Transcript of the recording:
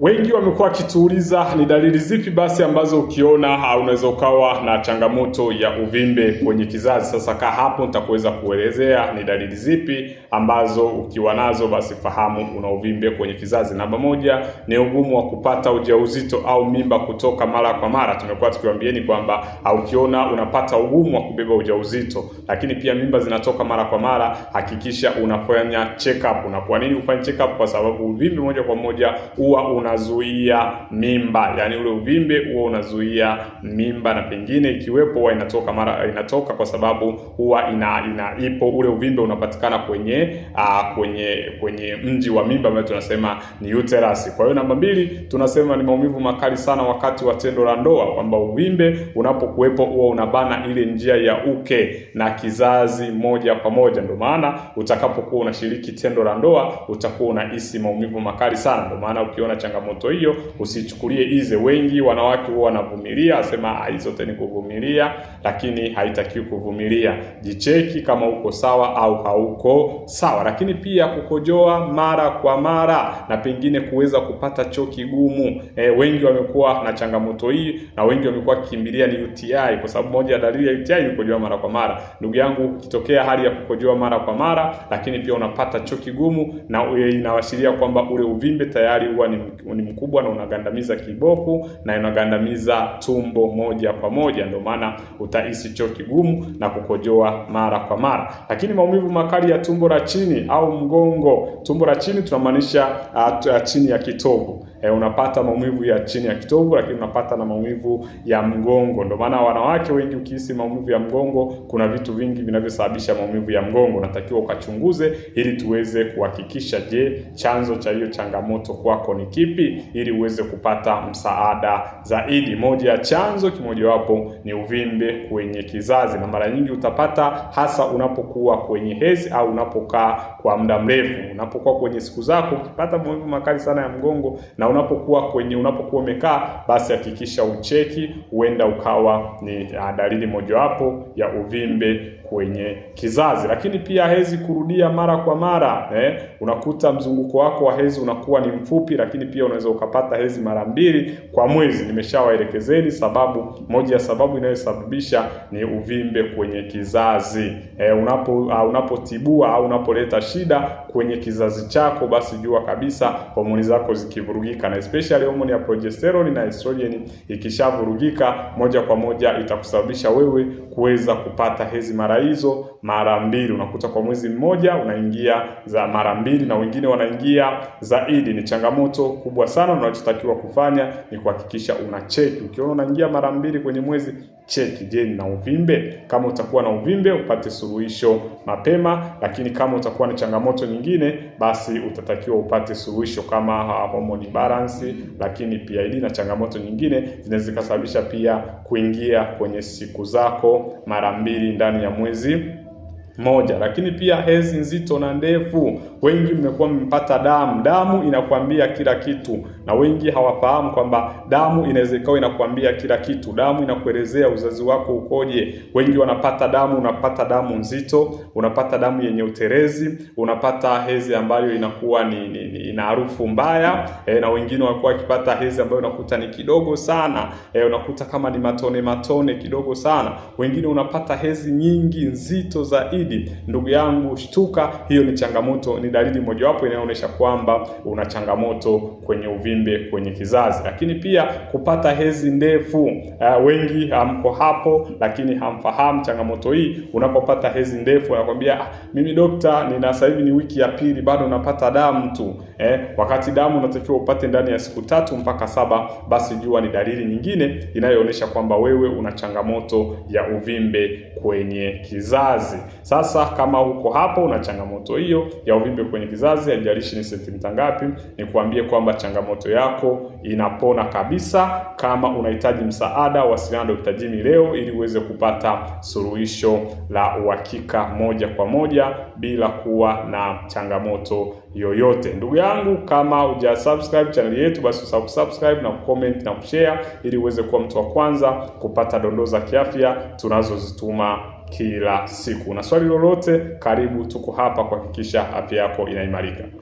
Wengi wamekuwa wakituuliza ni dalili zipi basi ambazo ukiona unaweza ukawa na changamoto ya uvimbe kwenye kizazi. Sasa kaa hapo, nitakuweza kuelezea ni dalili zipi ambazo ukiwa nazo basi fahamu una uvimbe kwenye kizazi. Namba moja ni ugumu wa kupata ujauzito au mimba kutoka mara kwa mara. Tumekuwa tukiwaambieni kwamba ukiona unapata ugumu wa kubeba ujauzito, lakini pia mimba zinatoka mara kwa mara, hakikisha unafanya check up. Na kwa nini ufanye check up? Kwa sababu uvimbe moja kwa moja huwa una unazuia mimba, yaani ule uvimbe huwa unazuia mimba, na pengine ikiwepo huwa inatoka mara inatoka kwa sababu huwa ina, ina ipo ule uvimbe unapatikana kwenye uh, kwenye kwenye mji wa mimba ambayo tunasema ni uterus. Kwa hiyo namba mbili tunasema ni maumivu makali sana wakati wa tendo la ndoa, kwamba uvimbe unapokuwepo huwa unabana ile njia ya uke na kizazi moja kwa moja. Ndio maana utakapokuwa unashiriki tendo la ndoa utakuwa unahisi maumivu makali sana. Ndio maana ukiona changa changamoto hiyo, usichukulie ize. Wengi wanawake huwa wanavumilia, asema ah, hizo zote ni kuvumilia, lakini haitakiwi kuvumilia. Jicheki kama uko sawa au hauko sawa, lakini pia kukojoa mara kwa mara na pengine kuweza kupata choo kigumu. E, wengi wamekuwa na changamoto hii na wengi wamekuwa kimbilia ni UTI, kwa sababu moja ya dalili ya UTI ni kukojoa mara kwa mara. Ndugu yangu, ukitokea hali ya kukojoa mara kwa mara, lakini pia unapata choo kigumu, na e, inawashiria kwamba ule uvimbe tayari huwa ni ni mkubwa na unagandamiza kibofu na unagandamiza tumbo moja kwa moja, ndio maana utahisi choo kigumu na kukojoa mara kwa mara. Lakini maumivu makali ya tumbo la chini au mgongo, tumbo la chini tunamaanisha uh, uh, chini ya kitovu eh, unapata maumivu ya chini ya kitovu, lakini unapata na maumivu ya mgongo. Ndio maana wanawake wengi, ukihisi maumivu ya mgongo, kuna vitu vingi vinavyosababisha maumivu ya mgongo, unatakiwa ukachunguze ili tuweze kuhakikisha, je, chanzo cha hiyo changamoto kwako ni kipi, ili uweze kupata msaada zaidi. Moja ya chanzo kimojawapo ni uvimbe kwenye kizazi, na mara nyingi utapata hasa unapokuwa kwenye hezi au unapokaa kwa muda mrefu. Unapokuwa kwenye siku zako, ukipata maumivu makali sana ya mgongo na unapokuwa kwenye unapokuwa umekaa, basi hakikisha ucheki, huenda ukawa ni ah, dalili mojawapo ya uvimbe kwenye kizazi. Lakini pia hezi kurudia mara kwa mara eh, unakuta mzunguko wako wa hezi unakuwa ni mfupi, lakini pia unaweza ukapata hezi mara mbili kwa mwezi. Nimeshawaelekezeni sababu, moja ya sababu inayosababisha ni uvimbe kwenye kizazi eh, unapo uh, unapotibua au unapoleta shida kwenye kizazi chako, basi jua kabisa homoni zako zikivurugika kuvurugikana, especially homoni ya progesterone na estrogen ikishavurugika, moja kwa moja itakusababisha wewe kuweza kupata hezi mara hizo mara mbili. Unakuta kwa mwezi mmoja unaingia za mara mbili, na wengine wanaingia zaidi. Ni changamoto kubwa sana. Unachotakiwa kufanya ni kuhakikisha una cheki. Ukiona unaingia mara mbili kwenye mwezi cheki, je, nina uvimbe? Kama utakuwa na uvimbe upate suluhisho mapema, lakini kama utakuwa na changamoto nyingine, basi utatakiwa upate suluhisho kama ah, hormone balance, lakini PID na changamoto nyingine zinaweza zikasababisha pia kuingia kwenye siku zako mara mbili ndani ya mwezi moja. Lakini pia hezi nzito na ndefu, wengi mmekuwa mmepata damu. Damu inakuambia kila kitu, na wengi hawafahamu kwamba damu inaweza ikawa inakuambia kila kitu. Damu inakuelezea uzazi wako ukoje. Wengi wanapata damu, unapata damu nzito, unapata damu yenye uterezi, unapata hezi ambayo inakuwa ni, ni, ni ina harufu mbaya e, na wengine wanakuwa wakipata hezi ambayo unakuta ni kidogo sana e, unakuta kama ni matone matone kidogo sana. Wengine unapata hezi nyingi nzito zaidi baridi. Ndugu yangu, shtuka, hiyo ni changamoto, ni dalili mojawapo inayoonyesha kwamba una changamoto kwenye uvimbe kwenye kizazi. Lakini pia kupata hezi ndefu, uh, wengi hamko hapo, lakini hamfahamu changamoto hii. Unapopata hezi ndefu anakwambia, ah, mimi dokta, nina sasa hivi ni wiki ya pili bado napata damu tu eh, wakati damu unatakiwa upate ndani ya siku tatu mpaka saba, basi jua ni dalili nyingine inayoonyesha kwamba wewe una changamoto ya uvimbe kwenye kizazi. Sasa sasa, kama uko hapo una changamoto hiyo ya uvimbe kwenye kizazi, haijalishi ni sentimita ngapi, nikuambie kwamba changamoto yako inapona kabisa. Kama unahitaji msaada, wasiliana na Dr. Jimmy leo ili uweze kupata suluhisho la uhakika moja kwa moja bila kuwa na changamoto yoyote. Ndugu yangu, kama uja subscribe channel yetu, basi usubscribe na comment na kushare ili uweze kuwa mtu wa kwanza kupata dondoo za kiafya tunazozituma kila siku. na swali lolote, karibu, tuko hapa kuhakikisha afya yako inaimarika.